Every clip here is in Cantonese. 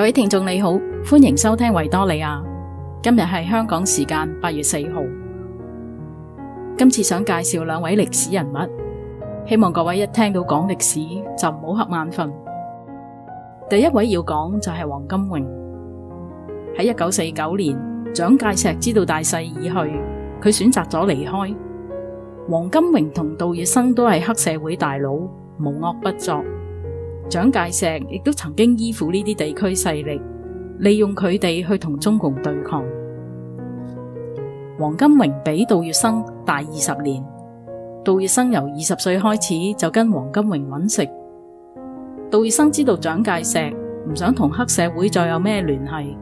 各位聽眾你好，歡迎收聽維多利亞。今日係香港時間八月四號。今次想介紹兩位歷史人物，希望各位一聽到講歷史就唔好瞌眼瞓。第一位要講就係黃金榮。喺一九四九年，蔣介石知道大勢已去，佢選擇咗離開。黃金榮同杜月笙都係黑社會大佬，無惡不作。蔣介石亦都曾經依附呢啲地區勢力，利用佢哋去同中共對抗。黃金榮比杜月笙大二十年，杜月笙由二十歲開始就跟黃金榮揾食。杜月笙知道蔣介石唔想同黑社會再有咩聯繫，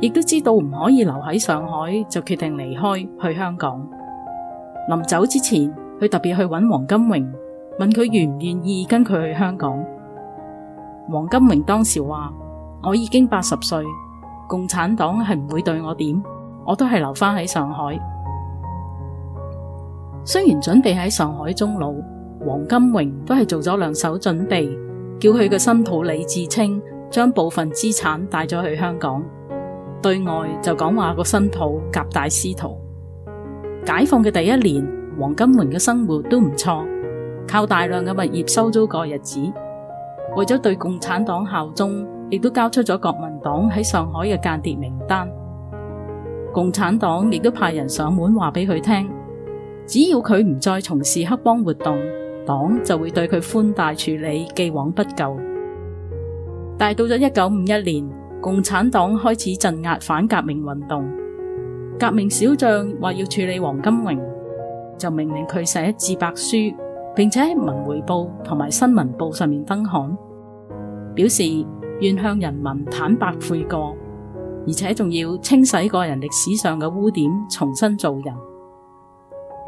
亦都知道唔可以留喺上海，就決定離開去香港。臨走之前，佢特別去揾黃金榮，問佢願唔願意跟佢去香港。黃金榮當時話：我已經八十歲，共產黨係唔會對我點，我都係留翻喺上海。雖然準備喺上海終老，黃金榮都係做咗兩手準備，叫佢嘅新抱李志清將部分資產帶咗去香港，對外就講話個新抱夾帶私逃。解放嘅第一年，黃金榮嘅生活都唔錯，靠大量嘅物業收租過日子。為咗對共產黨效忠，亦都交出咗國民黨喺上海嘅間諜名單。共產黨亦都派人上門話俾佢聽，只要佢唔再從事黑幫活動，黨就會對佢寬大處理，既往不咎。但係到咗一九五一年，共產黨開始鎮壓反革命運動，革命小將話要處理黃金榮，就命令佢寫自白書，並且喺《文匯報》同埋《新聞報》上面登刊。表示願向人民坦白悔過，而且仲要清洗個人歷史上嘅污點，重新做人。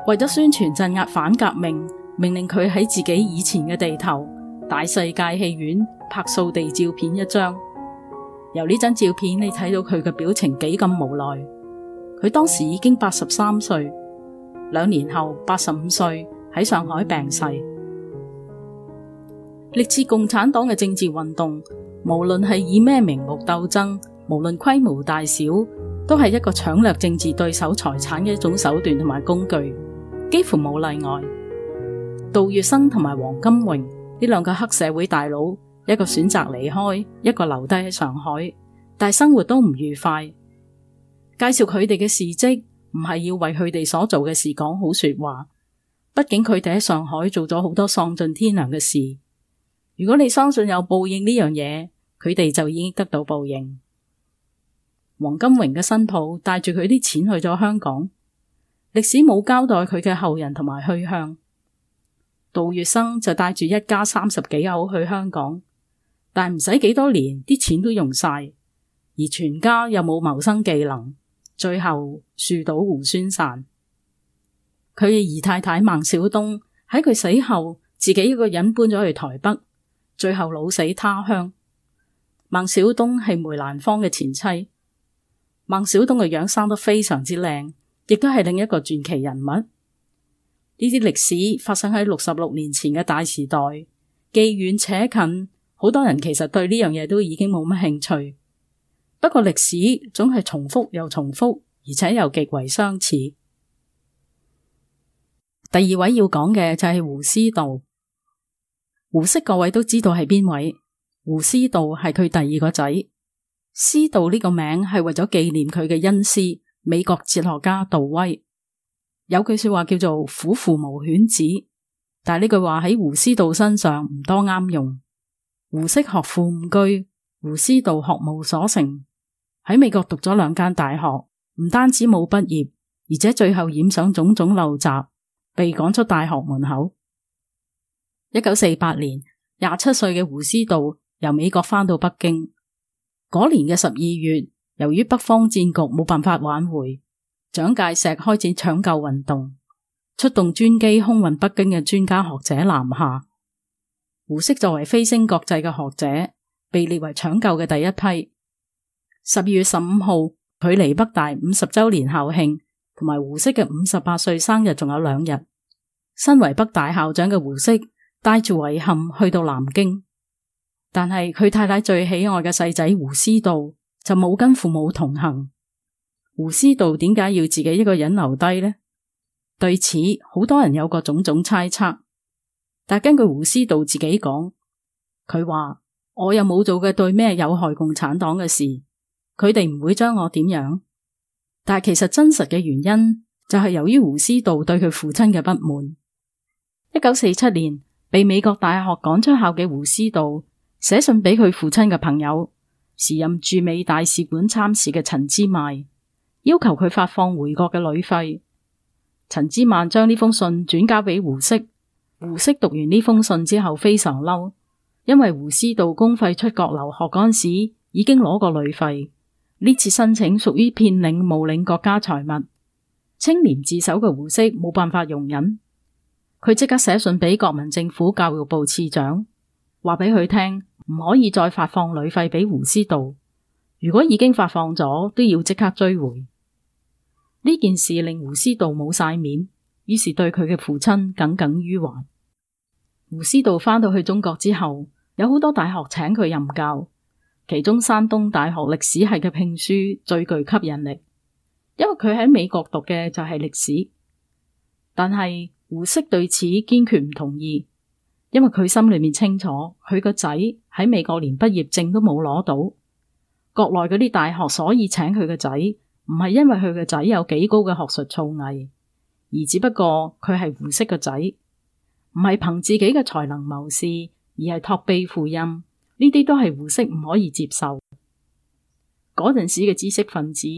為咗宣傳鎮壓反革命，命令佢喺自己以前嘅地頭大世界戲院拍掃地照片一張。由呢張照片，你睇到佢嘅表情幾咁無奈。佢當時已經八十三歲，兩年後八十五歲喺上海病逝。歷次共產黨嘅政治運動，無論係以咩名目鬥爭，無論規模大小，都係一個搶掠政治對手財產嘅一種手段同埋工具，幾乎冇例外。杜月笙同埋黃金榮呢兩個黑社會大佬，一個選擇離開，一個留低喺上海，但生活都唔愉快。介紹佢哋嘅事跡，唔係要為佢哋所做嘅事講好說話，畢竟佢哋喺上海做咗好多喪盡天良嘅事。如果你相信有報應呢樣嘢，佢哋就已經得到報應。黃金榮嘅新抱帶住佢啲錢去咗香港，歷史冇交代佢嘅後人同埋去向。杜月笙就帶住一家三十幾口去香港，但唔使幾多年，啲錢都用晒，而全家又冇謀生技能，最後樹倒猢猻散。佢嘅姨太太孟小冬喺佢死後，自己一個人搬咗去台北。最後老死他鄉。孟小冬係梅蘭芳嘅前妻。孟小冬嘅樣生得非常之靚，亦都係另一個傳奇人物。呢啲歷史發生喺六十六年前嘅大時代，既遠且近。好多人其實對呢樣嘢都已經冇乜興趣。不過歷史總係重複又重複，而且又極為相似。第二位要講嘅就係胡適道。胡適各位都知道係邊位？胡思道係佢第二個仔，思道呢個名係為咗紀念佢嘅恩師美國哲學家杜威。有句說話叫做虎父無犬子，但係呢句話喺胡思道身上唔多啱用。胡適學富五車，胡思道學無所成。喺美國讀咗兩間大學，唔單止冇畢業，而且最後染上種種陋習，被趕出大學門口。一九四八年，廿七歲嘅胡適之由美國翻到北京。嗰年嘅十二月，由於北方戰局冇辦法挽回，蔣介石開展搶救運動，出動專機空運北京嘅專家學者南下。胡適作為蜚聲國際嘅學者，被列為搶救嘅第一批。十二月十五號，距離北大五十周年校慶同埋胡適嘅五十八歲生日仲有兩日。身為北大校長嘅胡適。帶住遺憾去到南京，但係佢太太最喜愛嘅細仔胡思道就冇跟父母同行。胡思道點解要自己一個人留低呢？對此，好多人有過種種猜測。但根據胡思道自己講，佢話我又冇做過對咩有害共產黨嘅事，佢哋唔會將我點樣。但係其實真實嘅原因就係由於胡思道對佢父親嘅不滿。一九四七年。被美國大學趕出校嘅胡思道寫信俾佢父親嘅朋友，時任駐美大使館參事嘅陳之邁，要求佢發放回國嘅旅費。陳之邁將呢封信轉交俾胡適，胡適讀完呢封信之後非常嬲，因為胡思道公費出國留學嗰陣時已經攞過旅費，呢次申請屬於騙領冒領國家財物，清廉自守嘅胡適冇辦法容忍。佢即刻寫信俾國民政府教育部次長，話俾佢聽唔可以再發放旅費俾胡思道。如果已經發放咗，都要即刻追回。呢件事令胡思道冇晒面，於是對佢嘅父親耿耿於懷。胡思道翻到去中國之後，有好多大學請佢任教，其中山東大學歷史系嘅聘書最具吸引力，因為佢喺美國讀嘅就係歷史，但係。胡適對此堅決唔同意，因為佢心裏面清楚，佢個仔喺美國連畢業證都冇攞到。國內嗰啲大學所以請佢個仔，唔係因為佢個仔有幾高嘅學術造詣，而只不過佢係胡適個仔，唔係憑自己嘅才能謀事，而係托庇父蔭。呢啲都係胡適唔可以接受。嗰陣時嘅知識分子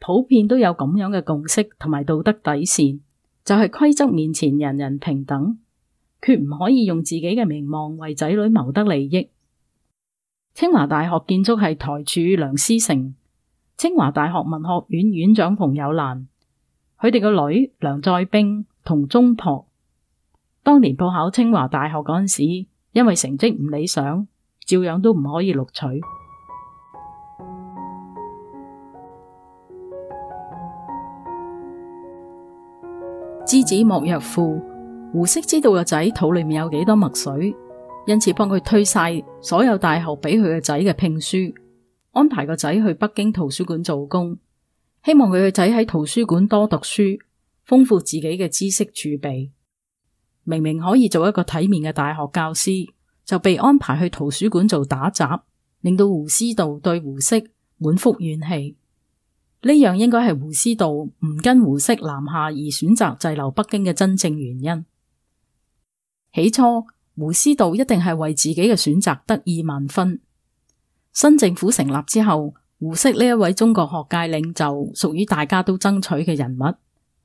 普遍都有咁樣嘅共識同埋道德底線。就係規則面前人人平等，決唔可以用自己嘅名望為仔女謀得利益。清華大學建築系台柱梁思成，清華大學文學院院長馮友蘭，佢哋個女梁再冰同宗璞，當年報考清華大學嗰陣時，因為成績唔理想，照樣都唔可以錄取。知子莫若父，胡適知道個仔肚裏面有幾多墨水，因此幫佢推晒所有大學俾佢嘅仔嘅聘書，安排個仔去北京圖書館做工，希望佢嘅仔喺圖書館多讀書，豐富自己嘅知識儲備。明明可以做一個體面嘅大學教師，就被安排去圖書館做打雜，令到胡思杜對胡適滿腹怨氣。呢樣應該係胡思杜唔跟胡適南下而選擇滯留北京嘅真正原因。起初，胡思杜一定係為自己嘅選擇得意萬分。新政府成立之後，胡適呢一位中國學界領袖屬於大家都爭取嘅人物，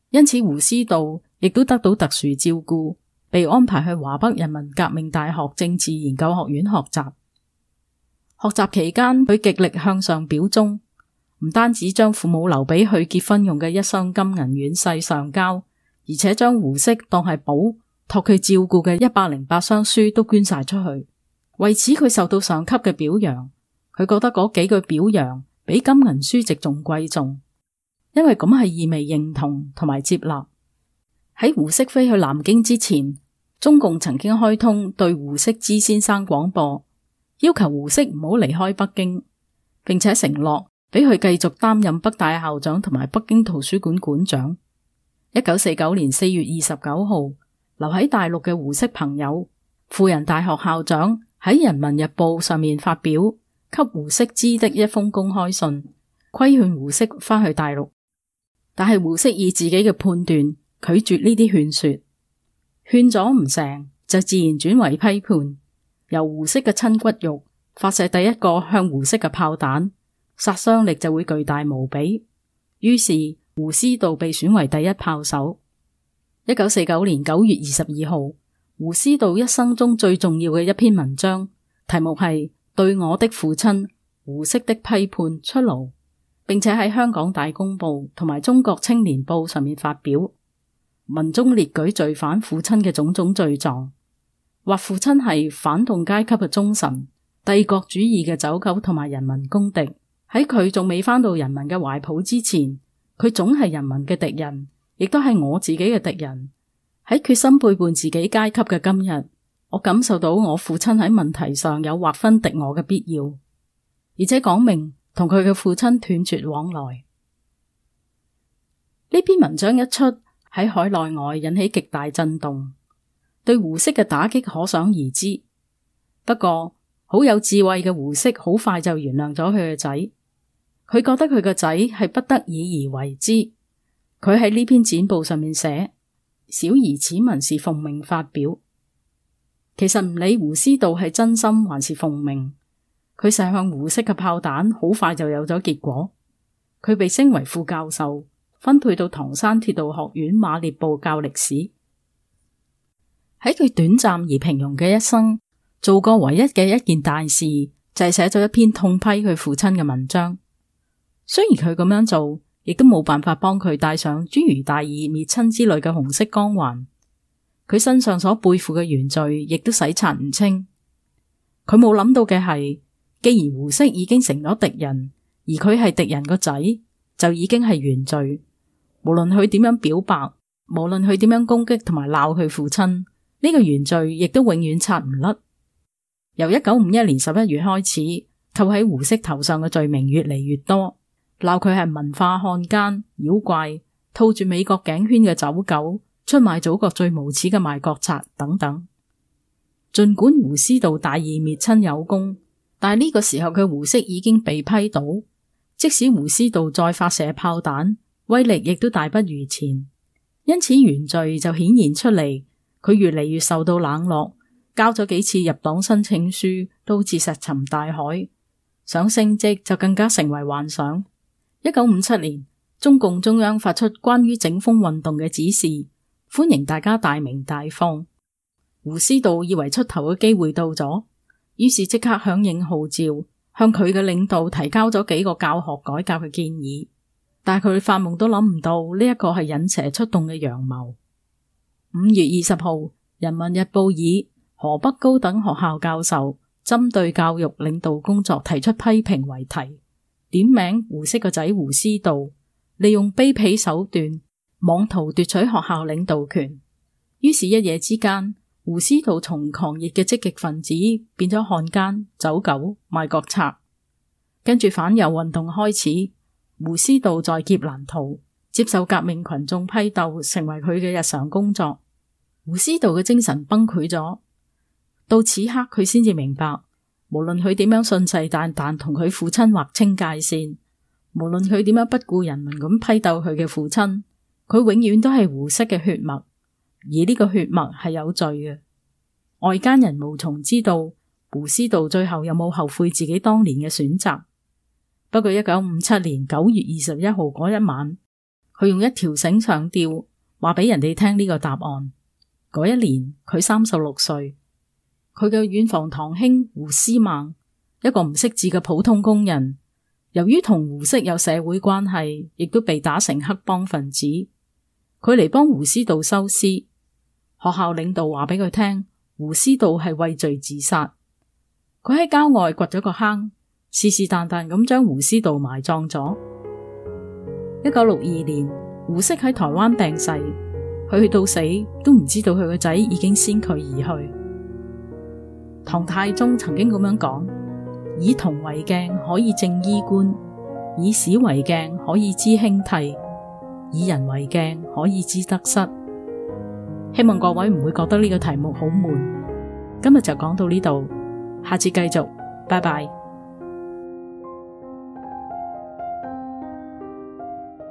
因此胡思杜亦都得到特殊照顧，被安排去華北人民革命大學政治研究學院學習。學習期間，佢極力向上表忠。唔單止將父母留俾佢結婚用嘅一箱金銀軟細上交，而且將胡適當係寶，託佢照顧嘅一百零八箱書都捐晒出去。為此，佢受到上級嘅表揚。佢覺得嗰幾句表揚比金銀書籍仲貴重，因為咁係意味認同同埋接納。喺胡適飛去南京之前，中共曾經開通對胡適之先生廣播，要求胡適唔好離開北京，並且承諾。俾佢繼續擔任北大校長同埋北京圖書館館長。一九四九年四月二十九號，留喺大陸嘅胡適朋友，輔仁大學校長喺《人民日報》上面發表給胡適之的一封公開信，規勸胡適翻去大陸。但係胡適以自己嘅判斷拒絕呢啲勸說，勸咗唔成就自然轉為批判，由胡適嘅親骨肉發射第一個向胡適嘅炮彈。殺傷力就會巨大無比，於是胡思道被選為第一炮手。一九四九年九月二十二號，胡思道一生中最重要嘅一篇文章，題目係《對我的父親胡適的批判》出爐，並且喺香港大公報同埋中國青年報上面發表。文中列舉罪犯父親嘅種種罪狀，話父親係反動階級嘅忠臣、帝國主義嘅走狗同埋人民公敵。喺佢仲未返到人民嘅懷抱之前，佢總係人民嘅敵人，亦都係我自己嘅敵人。喺決心背叛自己階級嘅今日，我感受到我父親喺問題上有劃分敵我嘅必要，而且講明同佢嘅父親斷絕往來。呢篇文章一出，喺海內外引起極大震動，對胡適嘅打擊可想而知。不過，好有智慧嘅胡適好快就原諒咗佢嘅仔。佢覺得佢個仔係不得已而為之。佢喺呢篇展報上面寫：小兒此文是奉命發表。其實唔理胡思杜係真心還是奉命，佢射向胡適嘅炮彈好快就有咗結果。佢被升為副教授，分配到唐山鐵道學院馬列部教歷史。喺佢短暫而平庸嘅一生，做過唯一嘅一件大事就係寫咗一篇痛批佢父親嘅文章。雖然佢咁樣做，亦都冇辦法幫佢戴上諸如大義滅親之類嘅紅色光環，佢身上所背負嘅原罪亦都洗刷唔清。佢冇諗到嘅係，既然胡適已經成咗敵人，而佢係敵人個仔，就已經係原罪。無論佢點樣表白，無論佢點樣攻擊同埋鬧佢父親，呢個原罪亦都永遠擦唔甩。由一九五一年十一月開始，扣喺胡適頭上嘅罪名越嚟越多。鬧佢係文化漢奸、妖怪、套住美國頸圈嘅走狗、出賣祖國最無恥嘅賣國賊等等。盡管胡思道大義滅親有功，但係呢個時候佢胡適已經被批倒，即使胡思道再發射炮彈，威力亦都大不如前。因此原罪就顯現出嚟，佢越嚟越受到冷落。交咗幾次入黨申請書都似石沉大海，想升職就更加成為幻想。一九五七年，中共中央發出關於整風運動嘅指示，歡迎大家大鳴大放。胡思杜以為出頭嘅機會到咗，於是即刻響應號召，向佢嘅領導提交咗幾個教學改革嘅建議。但佢發夢都諗唔到呢一個係引蛇出洞嘅陽謀。五月二十號，《人民日報》以河北高等學校教授針對教育領導工作提出批評為題。點名胡適個仔胡思道利用卑鄙手段妄圖奪取學校領導權，於是一夜之間，胡思道從狂熱嘅積極分子變咗漢奸走狗賣國賊。跟住反右運動開始，胡思道在劫難逃，接受革命群眾批鬥，成為佢嘅日常工作。胡思道嘅精神崩潰咗，到此刻佢先至明白。無論佢點樣信誓旦旦同佢父親劃清界線，無論佢點樣不顧人民咁批鬥佢嘅父親，佢永遠都係胡適嘅血脈，而呢個血脈係有罪嘅。外間人無從知道胡適到最後有冇後悔自己當年嘅選擇。不過一九五七年九月二十一號嗰一晚，佢用一條繩上吊，話俾人哋聽呢個答案。嗰一年佢三十六歲。佢嘅遠房堂兄胡思孟，一個唔識字嘅普通工人，由於同胡適有社會關係，亦都被打成黑幫分子。佢嚟幫胡思道收屍，學校領導話俾佢聽，胡思道係畏罪自殺。佢喺郊外掘咗個坑，是是但但咁將胡思道埋葬咗。一九六二年，胡適喺台灣病逝，佢去到死都唔知道佢個仔已經先佢而去。唐太宗曾經咁樣講，以銅為鏡可以正衣冠，以史為鏡可以知興替，以人為鏡可以知得失。希望各位唔會覺得呢個題目好悶。今日就講到呢度，下次繼續，拜拜。